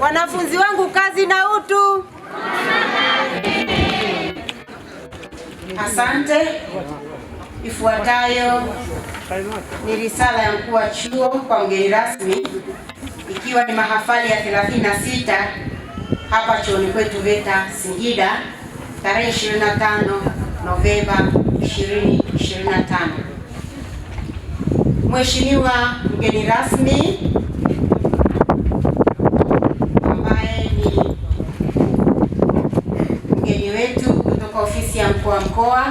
Wanafunzi wangu kazi na utu. Asante. Ifuatayo ni risala ya mkuu wa chuo kwa mgeni rasmi, ikiwa ni mahafali ya 36 hapa chuoni kwetu VETA Singida, tarehe 25 Novemba 2025. Mheshimiwa mgeni rasmi mkuu wa mkoa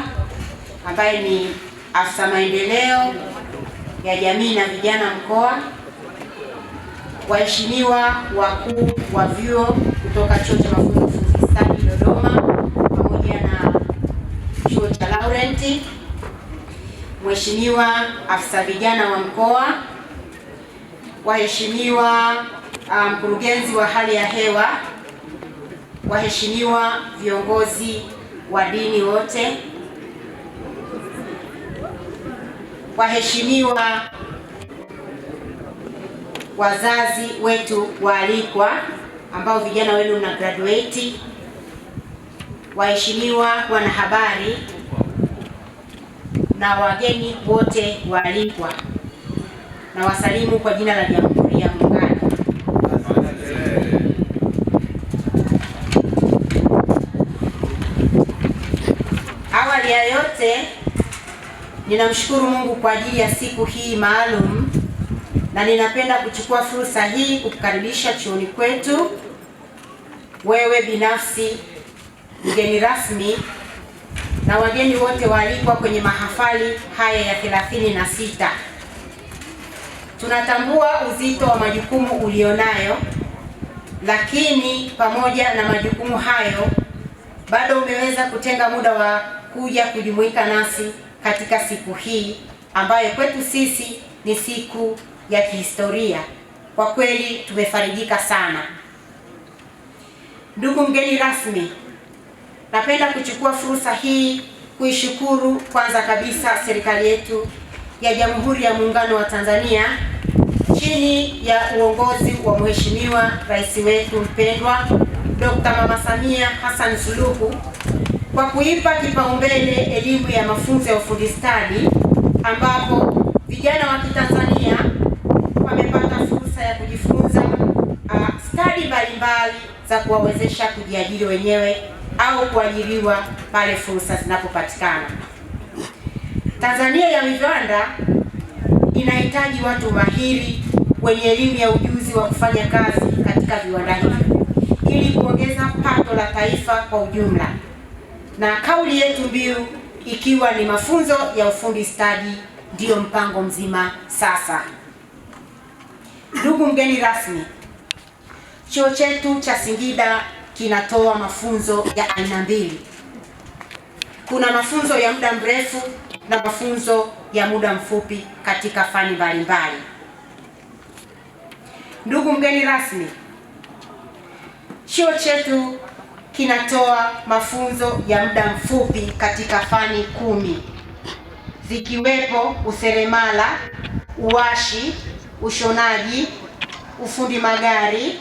ambaye ni afisa maendeleo ya jamii na vijana mkoa, waheshimiwa wakuu wa vyuo kutoka chuo cha mafunzo ufundi stadi Dodoma pamoja na chuo cha Laurent, mheshimiwa afisa vijana wa mkoa, waheshimiwa ah, mkurugenzi um, wa hali ya hewa, waheshimiwa viongozi wa dini wote, waheshimiwa wazazi wetu waalikwa, ambao vijana wenu mna graduate, waheshimiwa wanahabari na wageni wote waalikwa, na wasalimu kwa jina la jamii wote, ninamshukuru Mungu kwa ajili ya siku hii maalum, na ninapenda kuchukua fursa hii kukukaribisha chuoni kwetu, wewe binafsi, mgeni rasmi, na wageni wote waalikwa kwenye mahafali haya ya 36. Tunatambua uzito wa majukumu ulionayo, lakini pamoja na majukumu hayo bado umeweza kutenga muda wa kuja kujumuika nasi katika siku hii ambayo kwetu sisi ni siku ya kihistoria. Kwa kweli tumefarijika sana. Ndugu mgeni rasmi, napenda kuchukua fursa hii kuishukuru kwanza kabisa serikali yetu ya Jamhuri ya Muungano wa Tanzania chini ya uongozi wa Mheshimiwa Rais wetu mpendwa Dr. Mama Samia Hassan Suluhu kwa kuipa kipaumbele elimu ya mafunzo ya ufundi stadi, ambapo vijana wa Kitanzania wamepata fursa ya kujifunza uh, stadi mbalimbali za kuwawezesha kujiajiri wenyewe au kuajiriwa pale fursa zinapopatikana. Tanzania ya viwanda inahitaji watu mahiri wenye elimu ya ujuzi wa kufanya kazi katika viwanda hivi ili kuongeza pato la taifa kwa ujumla, na kauli yetu mbiu ikiwa ni mafunzo ya ufundi stadi ndiyo mpango mzima. Sasa, ndugu mgeni rasmi, chuo chetu cha Singida kinatoa mafunzo ya aina mbili. Kuna mafunzo ya muda mrefu na mafunzo ya muda mfupi katika fani mbalimbali. Ndugu mgeni rasmi Chuo chetu kinatoa mafunzo ya muda mfupi katika fani kumi zikiwepo useremala, uwashi, ushonaji, ufundi magari,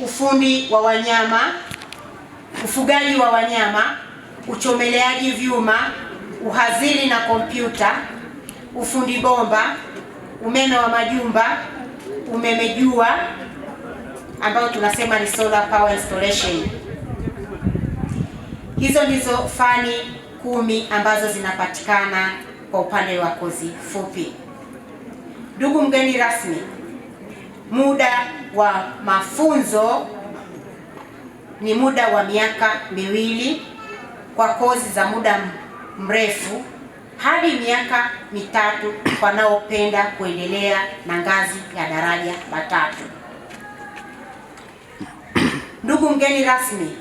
ufundi wa wanyama, ufugaji wa wanyama, uchomeleaji vyuma, uhaziri na kompyuta, ufundi bomba, umeme wa majumba, umeme jua ambayo tunasema ni solar power installation. Hizo ndizo fani kumi ambazo zinapatikana kwa upande wa kozi fupi. Ndugu mgeni rasmi, muda wa mafunzo ni muda wa miaka miwili kwa kozi za muda mrefu hadi miaka mitatu wanaopenda kuendelea na ngazi ya daraja la tatu. Ndugu mgeni rasmi,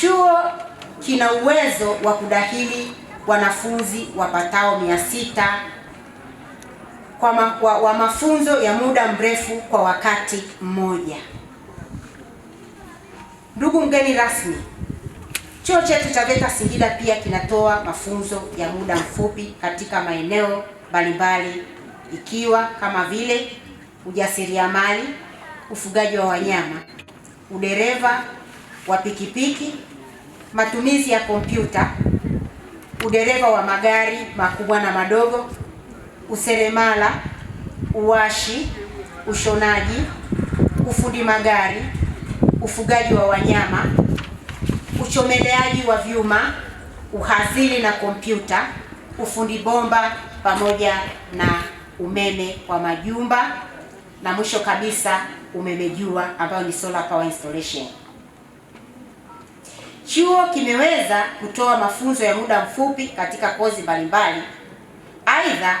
chuo kina uwezo wa kudahili wanafunzi wapatao mia sita kwa ma, wa, wa mafunzo ya muda mrefu kwa wakati mmoja. Ndugu mgeni rasmi, chuo chetu cha VETA Singida pia kinatoa mafunzo ya muda mfupi katika maeneo mbalimbali ikiwa kama vile ujasiriamali ufugaji wa wanyama, udereva wa pikipiki, matumizi ya kompyuta, udereva wa magari makubwa na madogo, useremala, uwashi, ushonaji, ufundi magari, ufugaji wa wanyama, uchomeleaji wa vyuma, uhazili na kompyuta, ufundi bomba pamoja na umeme wa majumba na mwisho kabisa umemejua, ambayo ni solar power installation. Chuo kimeweza kutoa mafunzo ya muda mfupi katika kozi mbalimbali. Aidha,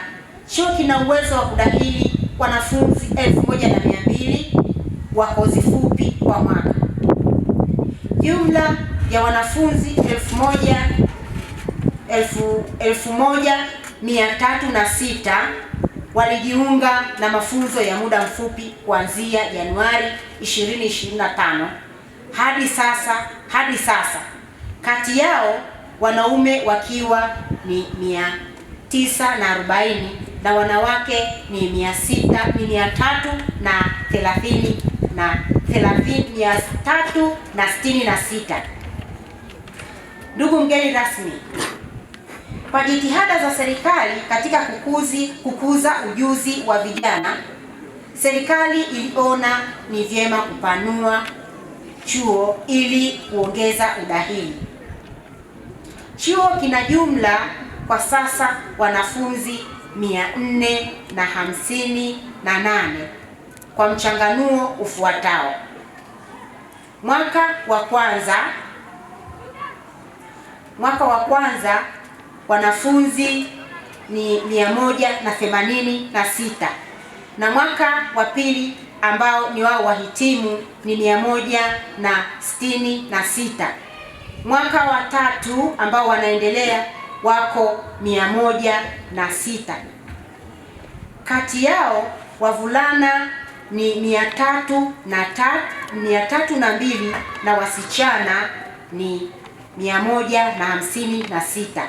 chuo kina uwezo wa kudahili wanafunzi 1200 wa kozi fupi kwa mwaka. Jumla ya wanafunzi 1306 walijiunga na mafunzo ya muda mfupi kuanzia Januari 2025 hadi sasa hadi sasa, kati yao wanaume wakiwa ni 940 na na wanawake ni mia na thelathini na na na Ndugu mgeni rasmi kwa jitihada za serikali katika kukuzi, kukuza ujuzi wa vijana, serikali iliona ni vyema kupanua chuo ili kuongeza udahili. Chuo kina jumla kwa sasa wanafunzi mia nne na hamsini na nane kwa mchanganuo ufuatao: mwaka wa kwanza mwaka wa kwanza wanafunzi ni mia moja na themanini na sita na mwaka wa pili ambao ni wao wahitimu ni mia moja na sitini na sita mwaka wa tatu ambao wanaendelea wako mia moja na sita kati yao wavulana ni tatu na tatu, tatu na mbili na wasichana ni mia moja na hamsini na sita.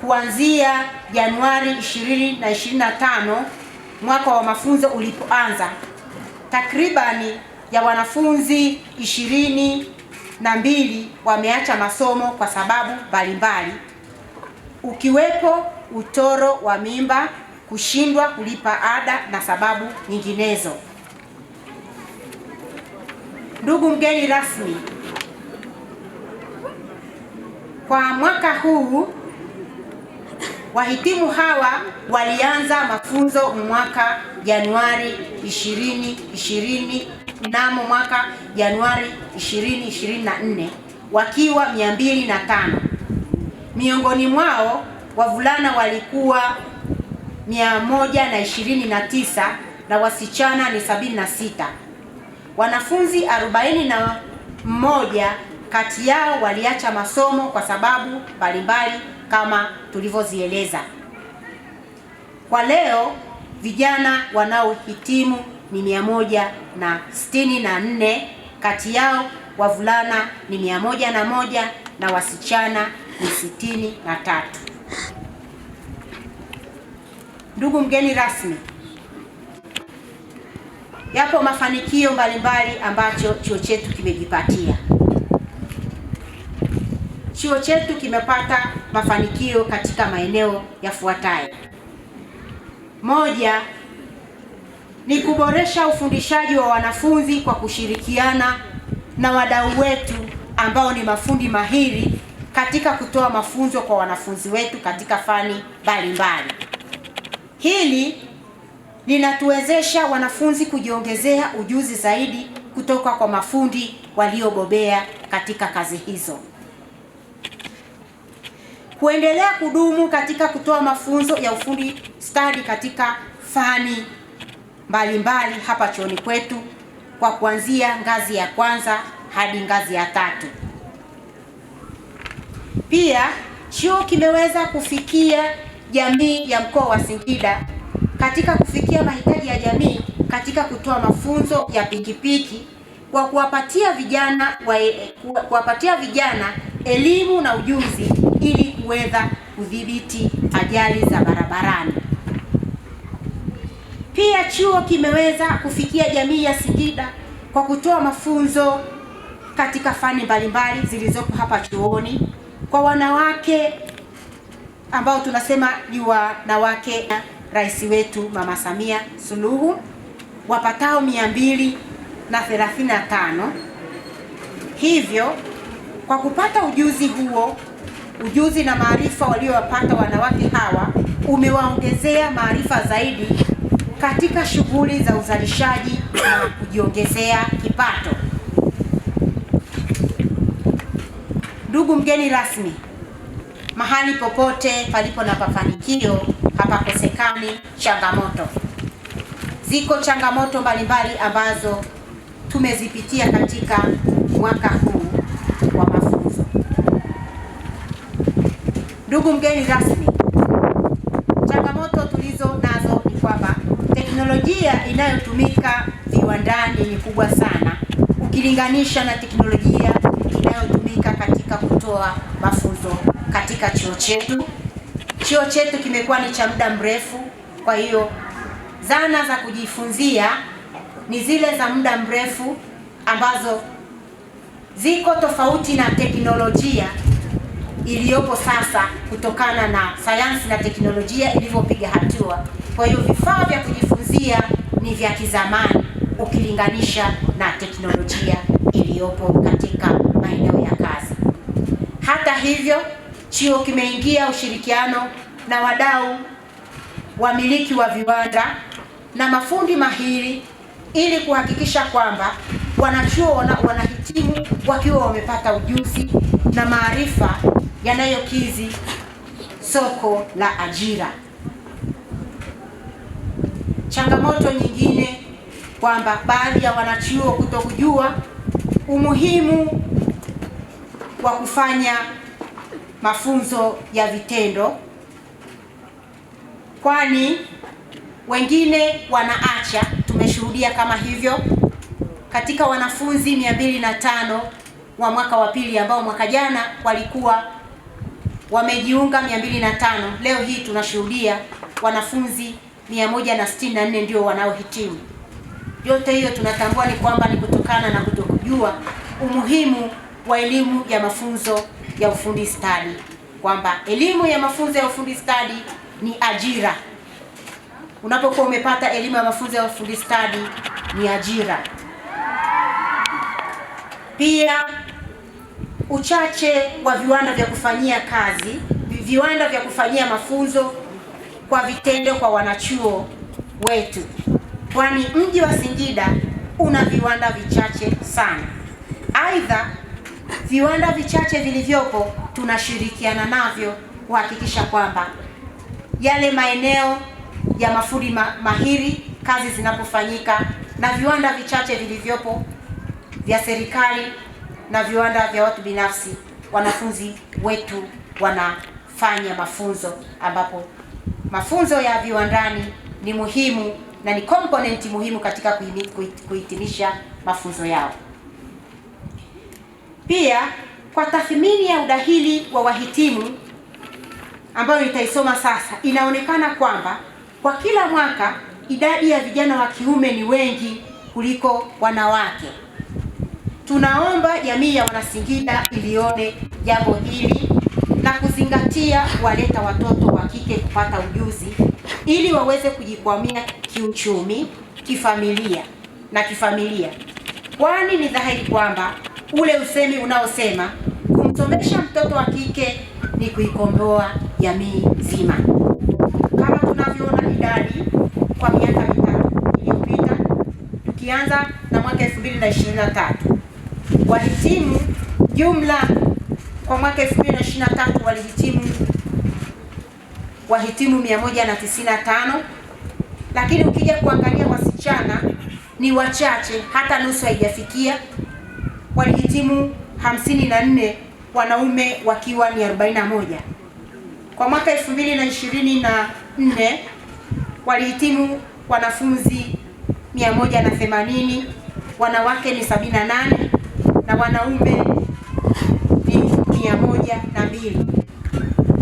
kuanzia Januari 25 mwaka wa mafunzo ulipoanza, takribani ya wanafunzi ishirini na mbili wameacha masomo kwa sababu mbalimbali, ukiwepo utoro wa mimba, kushindwa kulipa ada na sababu nyinginezo. Ndugu mgeni rasmi, kwa mwaka huu Wahitimu hawa walianza mafunzo mwaka Januari 2020 mnamo mwaka Januari 2024 wakiwa 205. Miongoni mwao wavulana walikuwa 129 na wasichana ni 76. Wanafunzi 41 kati yao waliacha masomo kwa sababu mbalimbali kama tulivyozieleza. Kwa leo vijana wanaohitimu ni mia moja na sitini na nne, kati yao wavulana ni mia moja na moja na wasichana ni sitini na tatu. Ndugu mgeni rasmi, yapo mafanikio mbalimbali ambacho chuo chetu kimejipatia chuo chetu kimepata mafanikio katika maeneo yafuatayo. Moja ni kuboresha ufundishaji wa wanafunzi kwa kushirikiana na wadau wetu ambao ni mafundi mahiri katika kutoa mafunzo kwa wanafunzi wetu katika fani mbalimbali. Hili linatuwezesha wanafunzi kujiongezea ujuzi zaidi kutoka kwa mafundi waliobobea katika kazi hizo kuendelea kudumu katika kutoa mafunzo ya ufundi stadi katika fani mbalimbali hapa chuoni kwetu kwa kuanzia ngazi ya kwanza hadi ngazi ya tatu. Pia chuo kimeweza kufikia jamii ya mkoa wa Singida katika kufikia mahitaji ya jamii katika kutoa mafunzo ya pikipiki kwa kuwapatia vijana, e, kuwapatia vijana elimu na ujuzi ili kuweza kudhibiti ajali za barabarani. Pia chuo kimeweza kufikia jamii ya Singida kwa kutoa mafunzo katika fani mbalimbali zilizopo hapa chuoni kwa wanawake ambao tunasema ni wanawake na rais wetu Mama Samia Suluhu wapatao 235 na tano. Hivyo kwa kupata ujuzi huo ujuzi na maarifa waliowapata wanawake hawa umewaongezea maarifa zaidi katika shughuli za uzalishaji na kujiongezea kipato. Ndugu mgeni rasmi, mahali popote palipo na mafanikio hapakosekani changamoto. Ziko changamoto mbalimbali ambazo tumezipitia katika mwaka Ndugu mgeni rasmi, changamoto tulizo nazo ni kwamba teknolojia inayotumika viwandani ni kubwa sana ukilinganisha na teknolojia inayotumika katika kutoa mafunzo katika chuo chetu. Chuo chetu kimekuwa ni cha muda mrefu, kwa hiyo zana za kujifunzia ni zile za muda mrefu ambazo ziko tofauti na teknolojia iliyopo sasa kutokana na sayansi na teknolojia ilivyopiga hatua. Kwa hiyo vifaa vya kujifunzia ni vya kizamani ukilinganisha na teknolojia iliyopo katika maeneo ya kazi. Hata hivyo, chuo kimeingia ushirikiano na wadau, wamiliki wa viwanda na mafundi mahiri ili kuhakikisha kwamba wanachuo wanahitimu wakiwa wamepata ujuzi na maarifa yanayokizi soko la ajira. Changamoto nyingine kwamba baadhi ya wanachuo kutokujua umuhimu wa kufanya mafunzo ya vitendo, kwani wengine wanaacha. Tumeshuhudia kama hivyo katika wanafunzi 205 wa mwaka wa pili ambao mwaka jana walikuwa wamejiunga 205. Leo hii tunashuhudia wanafunzi 164 ndio wanaohitimu. Yote hiyo tunatambua ni kwamba ni kutokana na kutokujua umuhimu wa elimu ya mafunzo ya ufundi stadi, kwamba elimu ya mafunzo ya ufundi stadi ni ajira. Unapokuwa umepata elimu ya mafunzo ya ufundi stadi ni ajira pia uchache wa viwanda vya kufanyia kazi, viwanda vya kufanyia mafunzo kwa vitendo kwa wanachuo wetu, kwani mji wa Singida una viwanda vichache sana. Aidha, viwanda vichache vilivyopo tunashirikiana navyo kuhakikisha kwamba yale maeneo ya mafundi ma mahiri kazi zinapofanyika na viwanda vichache vilivyopo vya serikali na viwanda vya watu binafsi, wanafunzi wetu wanafanya mafunzo, ambapo mafunzo ya viwandani ni muhimu na ni komponenti muhimu katika kuhitimisha mafunzo yao. Pia kwa tathmini ya udahili wa wahitimu ambayo nitaisoma sasa, inaonekana kwamba kwa kila mwaka idadi ya vijana wa kiume ni wengi kuliko wanawake. Tunaomba jamii ya Wanasingida ilione jambo hili na kuzingatia kuwaleta watoto wa kike kupata ujuzi ili waweze kujikwamia kiuchumi, kifamilia na kifamilia, kwani ni dhahiri kwamba ule usemi unaosema kumsomesha mtoto wa kike ni kuikomboa jamii nzima. Kama tunavyoona idadi kwa miaka mitatu iliyopita, tukianza na mwaka 2023 wahitimu jumla kwa mwaka tatu walihitimu wahitimu 195, lakini ukija kuangalia wasichana ni wachache, hata nusu haijafikia, walihitimu 54, wanaume wakiwa ni 41. Kwa mwaka nne walihitimu wanafunzi 180, wanawake ni 78 na wanaume ni mia moja na mbili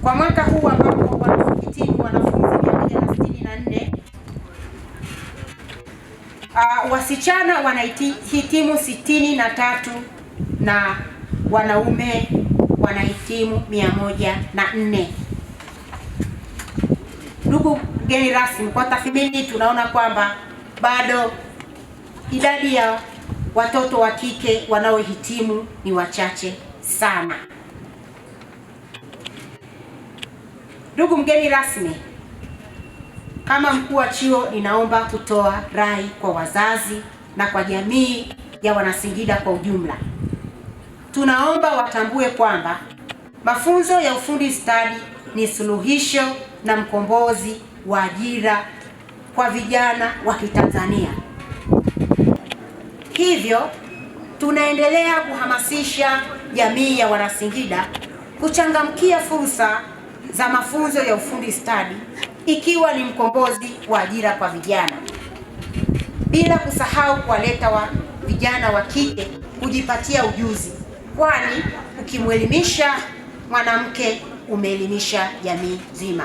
kwa mwaka huu ambapo wanasikitini wanafunzi mia moja na sitini na nne uh, wasichana wanahitimu sitini na tatu na wanaume wanahitimu mia moja na nne. Ndugu mgeni rasmi, kwa tathmini tunaona kwamba bado idadi ya watoto wa kike wanaohitimu ni wachache sana. Ndugu mgeni rasmi, kama mkuu wa chuo ninaomba kutoa rai kwa wazazi na kwa jamii ya Wanasingida kwa ujumla. Tunaomba watambue kwamba mafunzo ya ufundi stadi ni suluhisho na mkombozi wa ajira kwa vijana wa Kitanzania. Hivyo tunaendelea kuhamasisha jamii ya Wanasingida kuchangamkia fursa za mafunzo ya ufundi stadi ikiwa ni mkombozi wa ajira kwa vijana, bila kusahau kuwaleta wa vijana wa kike kujipatia ujuzi, kwani ukimwelimisha mwanamke umeelimisha jamii nzima.